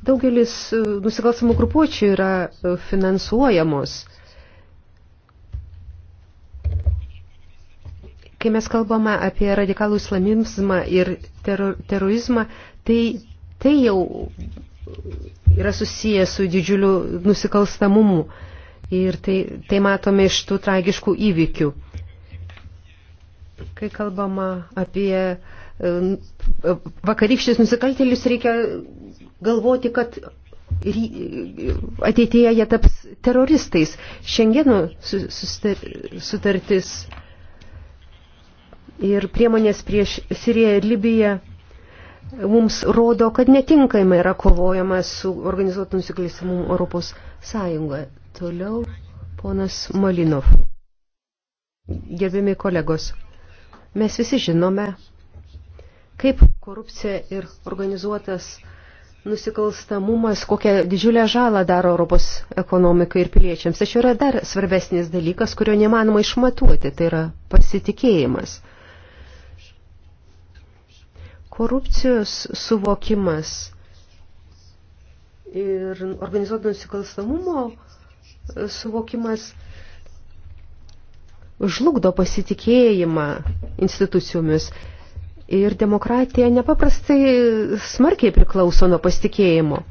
Speaker 2: Daugelis e, nusikalstamų grupuočių yra e, finansuojamos Kai mes kalbame apie radikalų islamizmą ir teror, terorizmą, tai, tai jau yra susijęs su didžiuliu nusikalstamumu. Ir tai, tai matome iš tų tragiškų įvykių. Kai kalbama apie e, vakarykščius nusikaltėlius, reikia galvoti, kad ateityje jie taps teroristais. Šengeno sutartis ir priemonės prieš Siriją ir Libiją mums rodo, kad netinkamai yra kovojama su organizuotų nusikalstamų Europos Sąjungoje. Toliau ponas Malinov. Gerbimi kolegos, mes visi žinome, kaip korupcija ir organizuotas nusikalstamumas, kokią didžiulę žalą daro Europos ekonomikai ir piliečiams. Tačiau yra dar svarbesnis dalykas, kurio nemanoma išmatuoti, tai yra pasitikėjimas. Korupcijos suvokimas ir organizuoto nusikalstamumo e, suvokimas žlugdo pasitikėjimą institucijomis ir demokratija nepaprastai smarkiai priklauso nuo pasitikėjimo.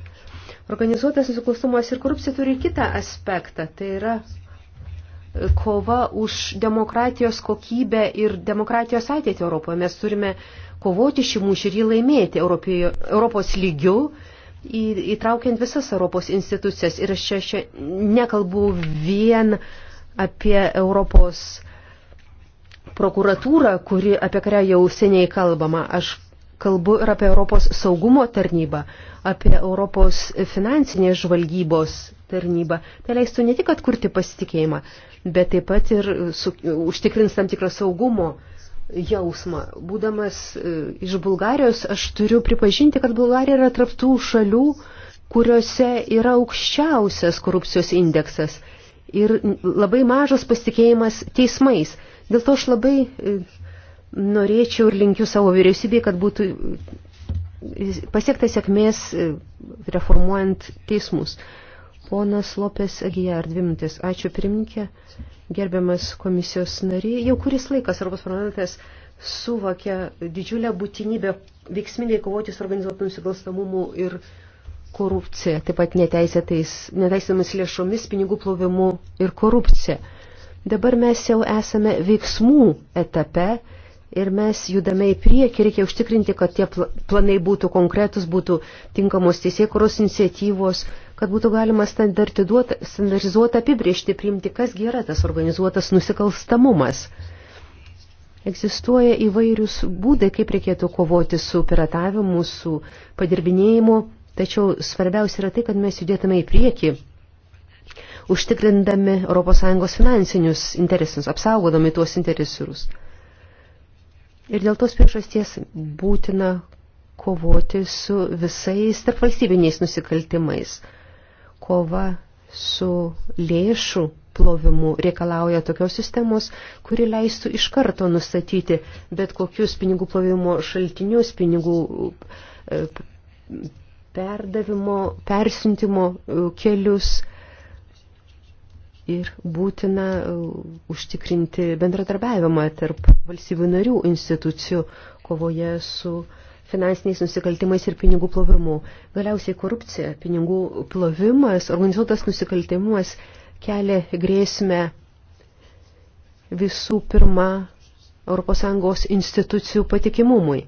Speaker 2: Organizuotas nusikalstumas ir korupcija turi kitą aspektą, tai yra kova už demokratijos kokybę ir demokratijos ateitį Europoje. Mes turime uh, kovoti šį mūšį ir jį laimėti Europijo, Europos lygių, į, įtraukiant visas Europos institucijas. Ir aš čia, čia nekalbu vien apie Europos prokuratūrą, kuri, apie kurią jau seniai kalbama. Aš kalbu ir apie Europos saugumo tarnybą, apie Europos finansinės žvalgybos tarnybą. Tai leistų ne tik atkurti pasitikėjimą, bet taip pat ir su, užtikrins tam tikrą saugumo uh, jausmą. Būdamas e, iš Bulgarijos, aš turiu pripažinti, kad Bulgarija yra traptų šalių, kuriuose yra aukščiausias korupcijos indeksas ir labai mažas pasitikėjimas teismais. Dėl to aš labai e, norėčiau ir linkiu savo vyriausybei, kad būtų e, pasiekta sėkmės reformuojant teismus. Ponas Lopės Agija, ar dvi minutės. Ačiū pirminkė. Gerbiamas komisijos nariai, jau kuris laikas Europos parlamentas suvokia didžiulę būtinybę veiksmingai kovoti su organizuotų nusikalstamumu ir korupcija, taip pat neteisėtomis lėšomis, pinigų plovimu ir korupcija. Dabar mes jau esame veiksmų etape ir mes judame į priekį, reikia užtikrinti, kad tie planai būtų konkretus, būtų tinkamos teisėkuros iniciatyvos, kad būtų galima standartizuotą apibriežti, priimti, kas yra tas organizuotas nusikalstamumas. Egzistuoja įvairius būdai, kaip reikėtų kovoti su piratavimu, su padirbinėjimu, tačiau svarbiausia yra tai, kad mes judėtume į priekį, užtikrindami ES finansinius interesus, apsaugodami tuos interesus. Ir dėl tos priežasties būtina kovoti su visais tarpvalstybiniais nusikaltimais kova su lėšų plovimu reikalauja tokios sistemos, kuri leistų iš karto nustatyti bet kokius pinigų plovimo šaltinius, pinigų e, perdavimo, persintimo e, kelius ir būtina e, užtikrinti bendradarbiavimą tarp valstybių narių institucijų kovoje su uh, finansiniais nusikaltimais ir pinigų plovimu. Galiausiai korupcija, pinigų plovimas, organizuotas nusikaltimas kelia grėsmę visų pirma ES institucijų patikimumui.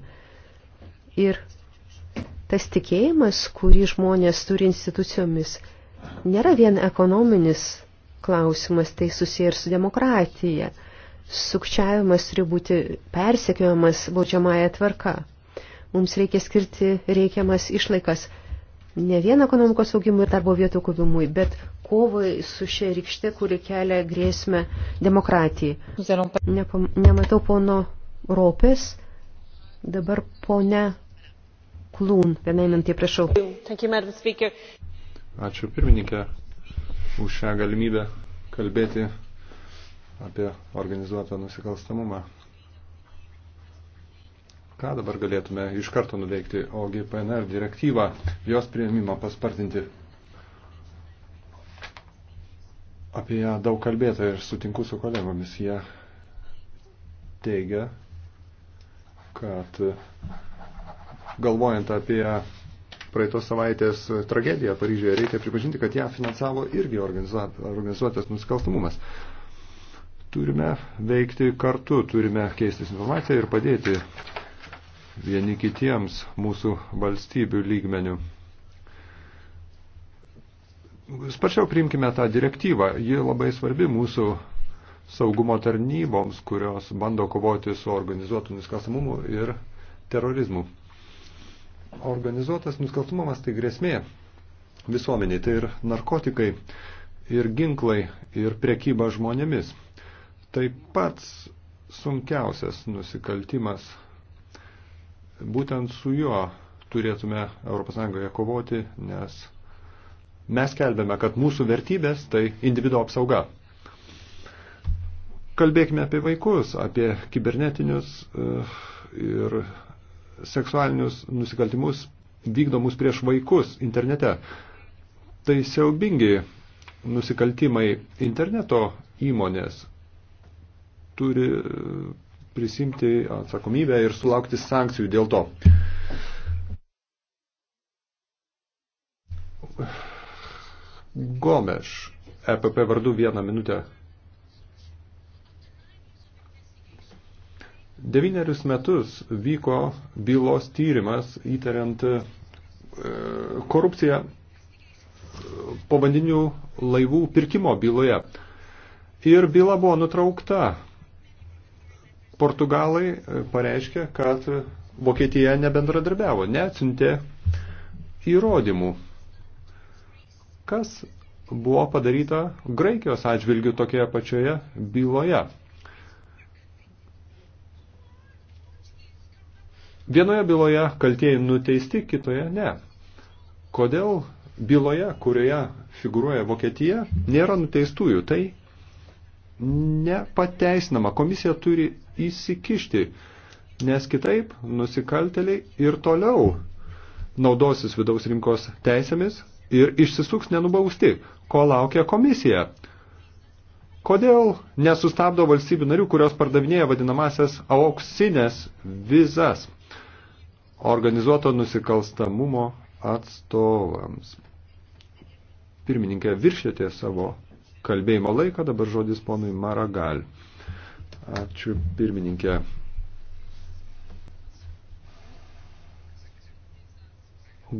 Speaker 2: Ir tas tikėjimas, kurį žmonės turi institucijomis, nėra vien ekonominis klausimas, tai susiję ir su demokratija. Sukčiavimas turi būti persekiojamas baudžiamąją tvarką mums reikia skirti reikiamas išlaikas ne vien ekonomikos augimui ir darbo vietų kūvimui, bet kovai su šia rykšte, kuri kelia grėsmę demokratijai. Nepam, nematau pono Ropės, dabar pone Klūn, vienai mintai prašau.
Speaker 3: Ačiū pirmininkė už šią galimybę kalbėti apie organizuotą nusikalstamumą. Ką dabar galėtume iš karto nuveikti, ogi PNR direktyvą, jos prieimimą paspartinti. Apie ją daug kalbėta ir sutinku su kolegomis. Jie teigia, kad galvojant apie praeitos savaitės tragediją Paryžiuje, reikia pripažinti, kad ją finansavo irgi organizuotas nusikalstamumas. Turime veikti kartu, turime keistis informaciją ir padėti vieni kitiems mūsų valstybių lygmenių. Sparčiau priimkime tą direktyvą. Ji labai svarbi mūsų saugumo tarnyboms, kurios bando kovoti su organizuotu nusikalstamumu ir terorizmu. Organizuotas nusikalstamumas tai grėsmė visuomeniai, tai ir narkotikai, ir ginklai, ir priekyba žmonėmis. Tai pats sunkiausias nusikaltimas Būtent su juo turėtume ES kovoti, nes mes kelbėme, kad mūsų vertybės tai individuo apsauga. Kalbėkime apie vaikus, apie kibernetinius e, ir seksualinius nusikaltimus vykdomus prieš vaikus internete. Tai siaubingi nusikaltimai interneto įmonės turi prisimti atsakomybę ir sulaukti sankcijų dėl to. Gomeš, EPP vardu vieną minutę. Devinerius metus vyko bylos tyrimas įtariant e, korupciją e, povandeninių laivų pirkimo byloje. Ir byla buvo nutraukta Portugalai e, pareiškė, kad Vokietija nebendradarbiavo, neatsintė įrodymų. Kas buvo padaryta Graikijos atžvilgių tokioje pačioje byloje? Vienoje byloje kaltieji nuteisti, kitoje ne. Kodėl byloje, kurioje figuruoja Vokietija, nėra nuteistųjų? Tai nepateisinama. Komisija turi įsikišti, nes kitaip nusikalteliai ir toliau naudosis vidaus rinkos teisėmis ir išsisuks nenubausti, ko laukia komisija. Kodėl nesustabdo valstybių narių, kurios pardavinėja vadinamasias auksinės vizas organizuoto nusikalstamumo atstovams? Pirmininkė, viršėtė savo kalbėjimo laiką, dabar žodis ponui Maragal. Ačiū pirmininkė.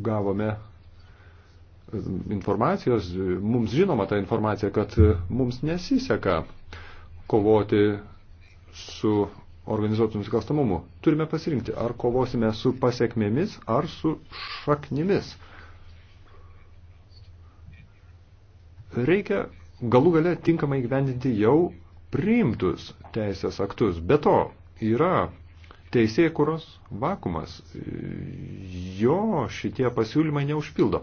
Speaker 3: Gavome e, informacijos, e, mums žinoma ta informacija, kad e, mums nesiseka kovoti su organizuotų nusikalstamumu. Turime pasirinkti, ar kovosime su pasiekmėmis, ar su šaknimis. Reikia galų gale tinkamai gyvendinti jau priimtus teisės aktus. Be to, yra teisėkuros vakumas. Jo šitie pasiūlymai neužpildo.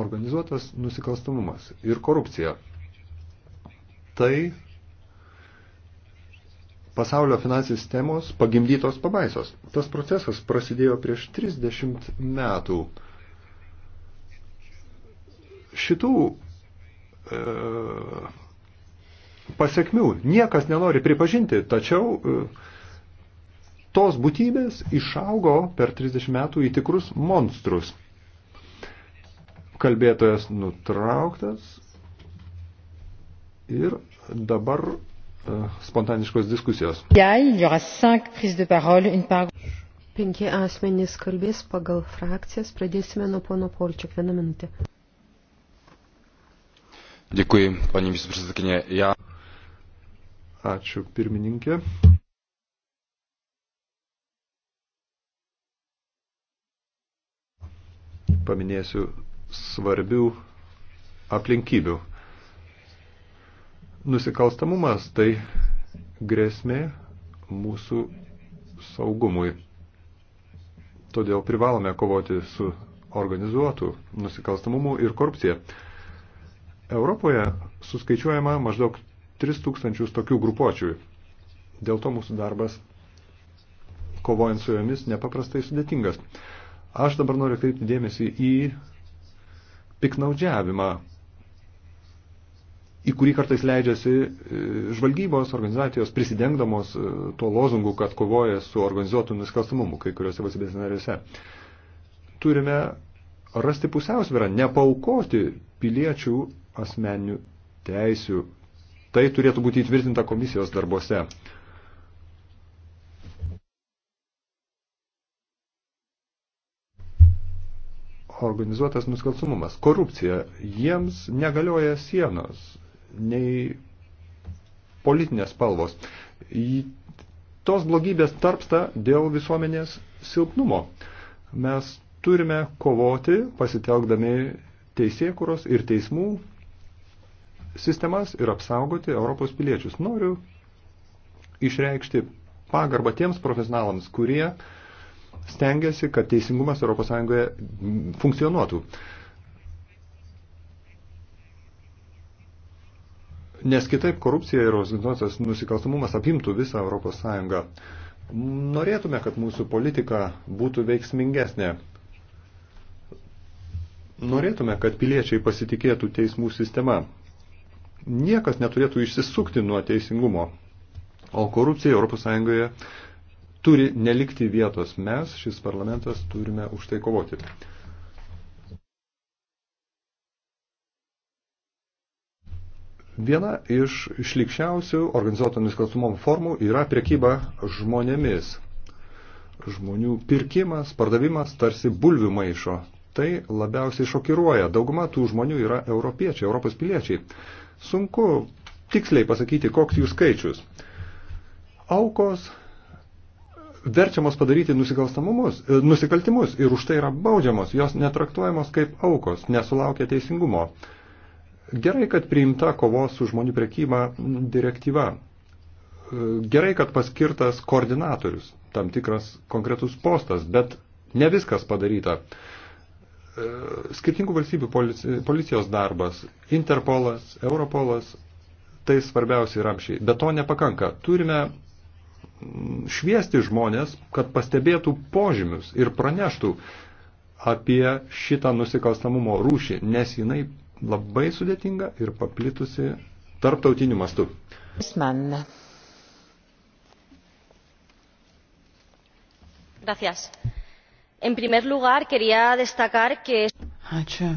Speaker 3: Organizuotas nusikalstamumas ir korupcija. Tai pasaulio finansinės sistemos pagimdytos pabaisos. Tas procesas prasidėjo prieš 30 metų. Šitų e, pasiekmių. Niekas nenori pripažinti, tačiau e, tos būtybės išaugo per 30 metų į tikrus monstrus. Kalbėtojas nutrauktas ir dabar e, spontaniškos diskusijos.
Speaker 2: Penki asmenys kalbės pagal frakcijas. Pradėsime nuo pono Polčiuk. Vieną minutę.
Speaker 3: Děkuji, paní vicepředsedkyně. Já... Ačiū pirmininkė. Paminėsiu svarbių aplinkybių. Nusikalstamumas tai grėsmė mūsų saugumui. Todėl privalome kovoti su organizuotų nusikalstamumu ir korupcija. Europoje suskaičiuojama maždaug 3000 tokių grupuočių. Dėl to mūsų darbas, kovojant su jomis, nepaprastai sudėtingas. Aš dabar noriu kreipti dėmesį į piknaudžiavimą, į kurį kartais leidžiasi e, žvalgybos organizacijos prisidengdamos e, tuo lozungu, kad kovoja su organizuotų nusikalstamumu kai kuriuose valstybės narėse. Turime rasti pusiausvyrą, nepaukoti piliečių asmeninių teisių Tai turėtų būti įtvirtinta komisijos darbose. Organizuotas nusikalstumumas, korupcija, jiems negalioja sienos, nei politinės spalvos. Tos blogybės tarpsta dėl visuomenės silpnumo. Mes turime kovoti pasitelkdami teisėkuros ir teismų sistemas ir apsaugoti Europos piliečius. Noriu išreikšti pagarbą tiems profesionalams, kurie stengiasi, kad teisingumas ES funkcionuotų. Nes kitaip korupcija ir organizuotas nusikalstamumas apimtų visą ES. Norėtume, kad mūsų politika būtų veiksmingesnė. Norėtume, kad piliečiai pasitikėtų teismų sistema niekas neturėtų išsisukti nuo teisingumo. O korupcija ES turi nelikti vietos. Mes, šis parlamentas, turime už tai kovoti. Viena iš išlikščiausių organizuoto nusikalstumo formų yra prekyba žmonėmis. Žmonių pirkimas, pardavimas tarsi bulvių maišo. Tai labiausiai šokiruoja. Dauguma tų žmonių yra europiečiai, Europos piliečiai. Sunku tiksliai pasakyti, koks jų skaičius. Aukos verčiamos padaryti e, nusikaltimus ir už tai yra baudžiamos, jos netraktuojamos kaip aukos, nesulaukia teisingumo. Gerai, kad priimta kovos su žmonių prekyba direktyva. E, gerai, kad paskirtas koordinatorius, tam tikras konkretus postas, bet ne viskas padaryta. E, skirtingų valstybių policijos darbas, Interpolas, Europolas, tai svarbiausi ramšiai. Bet to nepakanka. Turime mm, šviesti žmonės, kad pastebėtų požymius ir praneštų apie šitą nusikalstamumo rūšį, nes jinai labai sudėtinga ir paplitusi tarptautiniu mastu.
Speaker 2: Man. Gracias. En primer lugar, quería destacar que.
Speaker 1: Ačiū.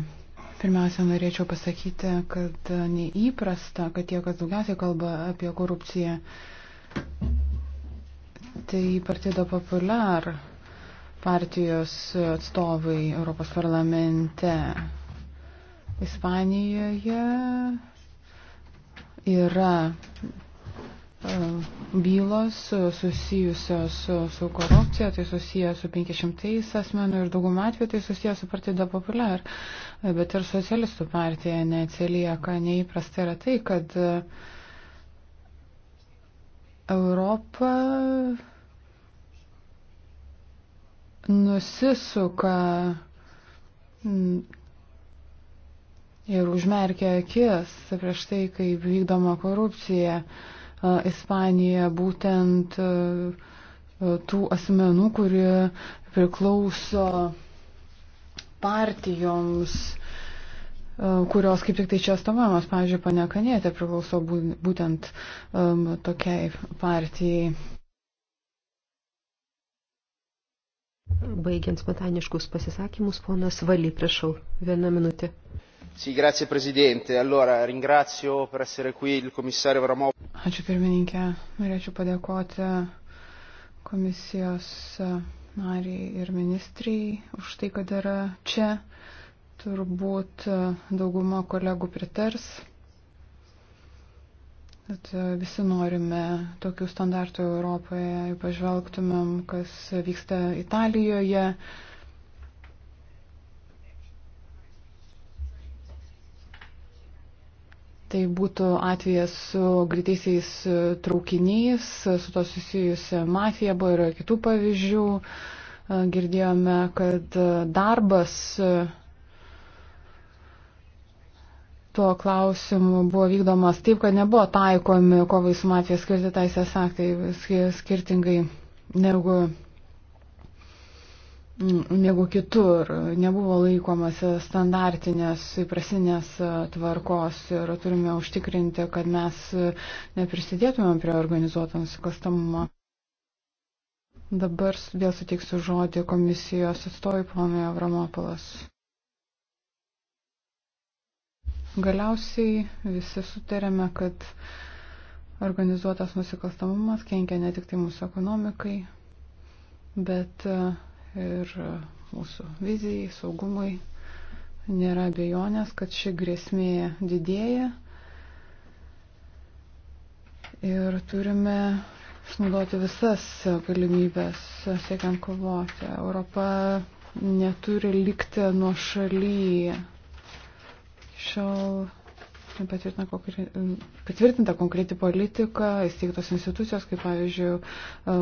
Speaker 1: Pirmiausia, norėčiau pasakyti, kad e, neįprasta, kad tie, kas daugiausiai kalba apie korupciją, tai Partido Popular partijos atstovai Europos parlamente Ispanijoje yra bylos susijusios su, su korupcija, tai susijęs su 500 asmenų ir daugumą atveju tai susijęs su partida populiar, bet ir socialistų partija neatsilieka. Neįprasta yra tai, kad e, Europa nusisuka mm, ir užmerkia akis prieš tai, kaip vykdoma korupcija. Ispaniją būtent tų asmenų, kurie priklauso partijoms, kurios kaip tik tai čia atstovamos. Pavyzdžiui, pane Kanėtė priklauso būtent um, tokiai partijai. Baigiant spontaniškus pasisakymus, ponas Valy, prašau, vieną minutę signora presidente allora
Speaker 3: ringrazio per essere qui il commissario avramopoulos.
Speaker 1: ačiū pirmininke norėčiau padėkoti komisijos nariai ir ministrei už tai kad yra čia turbūt dauguma kolegų pritars kad visi norime tokių standartų europoje pažvelgtumėm kas vyksta italijoje Tai būtų atvejas su greitaisiais e, traukiniais, su to susijusia mafija, buvo ir kitų pavyzdžių. E, girdėjome, kad e, darbas tuo klausimu buvo vykdomas taip, kad nebuvo taikomi kovai su mafija skirti teisės aktai skirtingai negu negu kitur, nebuvo laikomas standartinės įprasinės e, tvarkos ir turime užtikrinti, kad mes e, neprisidėtumėm prie organizuoto nusikalstamumo. Dabar vėl suteiksiu žodį komisijos atstovui ponui Avramopolas. Galiausiai visi sutarėme, kad organizuotas nusikalstamumas kenkia ne tik tai mūsų ekonomikai, bet uh, ir e, mūsų vizijai, saugumui. Nėra abejonės, kad ši grėsmė didėja ir turime išnaudoti visas galimybės siekiant kovoti. Europa neturi likti nuo šalyje. Šiol patvirtina, konkre... patvirtinta konkreti politika, įsteigtos institucijos, kaip pavyzdžiui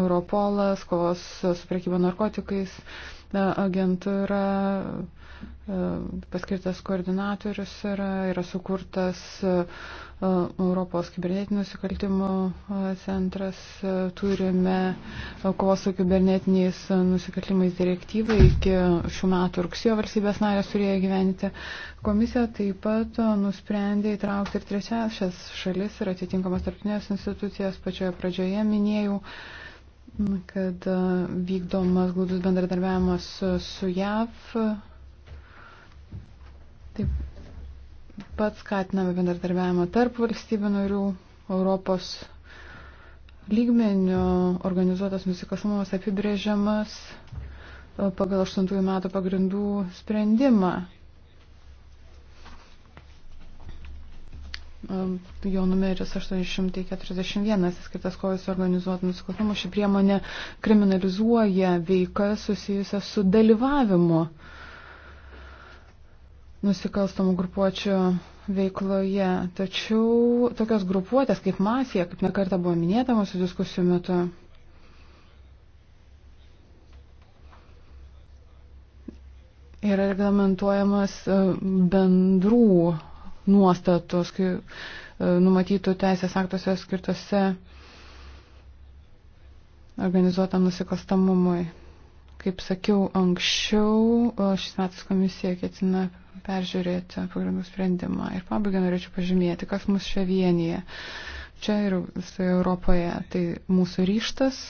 Speaker 1: Europolas, kovos su priekyba narkotikais agentūra paskirtas koordinatorius yra, yra sukurtas e, Europos kibernetinių nusikaltimų e, centras, e, turime kovos su kibernetiniais nusikaltimais direktyvą, iki šių metų rugsėjo valstybės narės turėjo gyventi. Komisija taip pat nusprendė įtraukti ir trečiasias šalis ir atitinkamas tarptinės institucijas, pačioje pradžioje minėjau kad vykdomas glūdus bendradarbiavimas su JAV pat skatiname bendradarbiavimą tarp valstybių narių Europos lygmenių organizuotas nusikalstamumas apibrėžiamas e, pagal 8 metų pagrindų sprendimą. E, jo numeris 841, skirtas kovai su organizuotu nusikalstamu, ši priemonė kriminalizuoja veiką susijusią su dalyvavimu uh, nusikalstamų grupuočių veikloje. Tačiau tokios grupuotės kaip mafija, kaip nekarta buvo minėta mūsų diskusijų metu, yra reglamentuojamas e, bendrų nuostatų, e, numatytų teisės aktuose skirtose organizuotam nusikalstamumui. Kaip sakiau anksčiau, šis metais komisija ketina peržiūrėti pagrindų sprendimą. Ir pabaigai norėčiau pažymėti, kas mus čia vienyje. Čia ir visoje Europoje tai mūsų ryštas,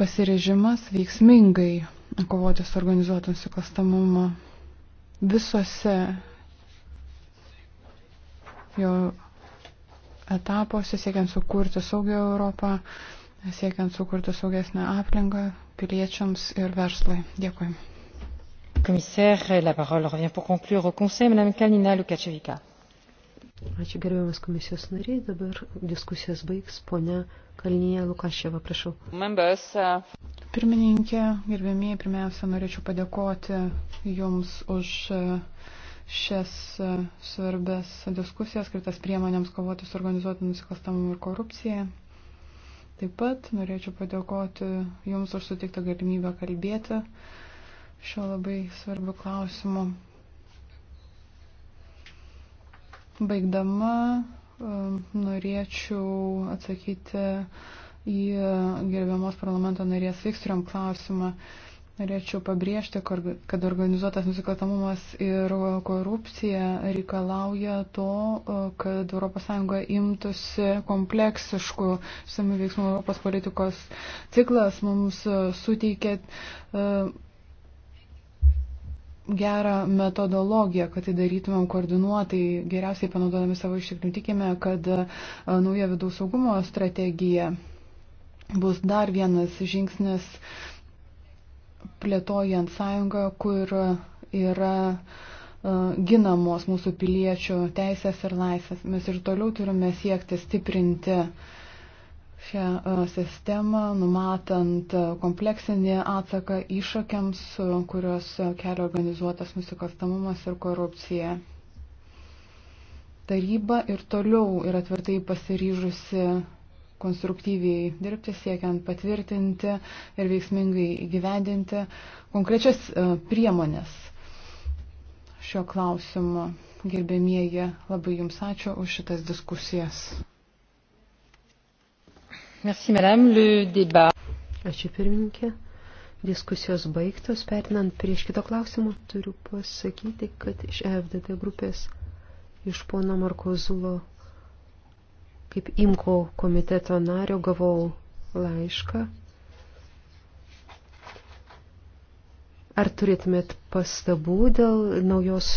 Speaker 1: pasirežimas veiksmingai kovoti su organizuotų nusikalstamumu visose jo etapuose, siekiant sukurti saugią Europą siekiant sukurti saugesnę aplinką piliečiams ir verslui. Dėkui.
Speaker 2: Komisarė, la parole revient pour conclure au Conseil, Madame Kalnina Lukačevika. Ačiū gerbiamas komisijos nariai, dabar diskusijas baigs ponia Kalnyje Lukaševa, prašau.
Speaker 1: Members, uh... Pirmininkė, gerbėmiai, pirmiausia, norėčiau padėkoti Jums už uh, šias uh, svarbės diskusijas, skirtas priemonėms kovoti su organizuotų nusikalstamumu ir korupcija. Taip pat norėčiau padėkoti Jums už sutiktą galimybę kalbėti šio labai svarbiu klausimu. Baigdama e, norėčiau atsakyti į gerbiamos parlamento narės Vikstriom klausimą. Norėčiau pabrėžti, kad organizuotas nusikaltamumas ir korupcija reikalauja to, kad ES imtųsi kompleksiškų samių veiksmų Europos politikos ciklas mums suteikė gerą metodologiją, kad tai darytumėm koordinuotai, geriausiai panaudodami savo išteklių. Tikime, kad nauja vidaus saugumo strategija bus dar vienas žingsnis plėtojant sąjungą, kur yra e, ginamos mūsų piliečių teisės ir laisvės. Mes ir toliau turime siekti stiprinti šią e, sistemą, numatant e, kompleksinį atsaką iššakiams, kurios kelia organizuotas nusikastamumas ir korupcija. Taryba ir toliau yra tvirtai pasiryžusi konstruktyviai dirbti, siekiant patvirtinti ir veiksmingai įgyvendinti konkrečias e, priemonės šio klausimu. Gerbėmieji, labai Jums ačiū už šitas diskusijas.
Speaker 2: Merci, madame, le débat. Ačiū pirmininkė. Diskusijos baigtos, perinant prieš kito klausimo, turiu pasakyti, kad iš e FDT grupės, iš pono Marko Zulo Kaip imko komiteto nario gavau laišką. Ar turėtumėt pastabų dėl naujos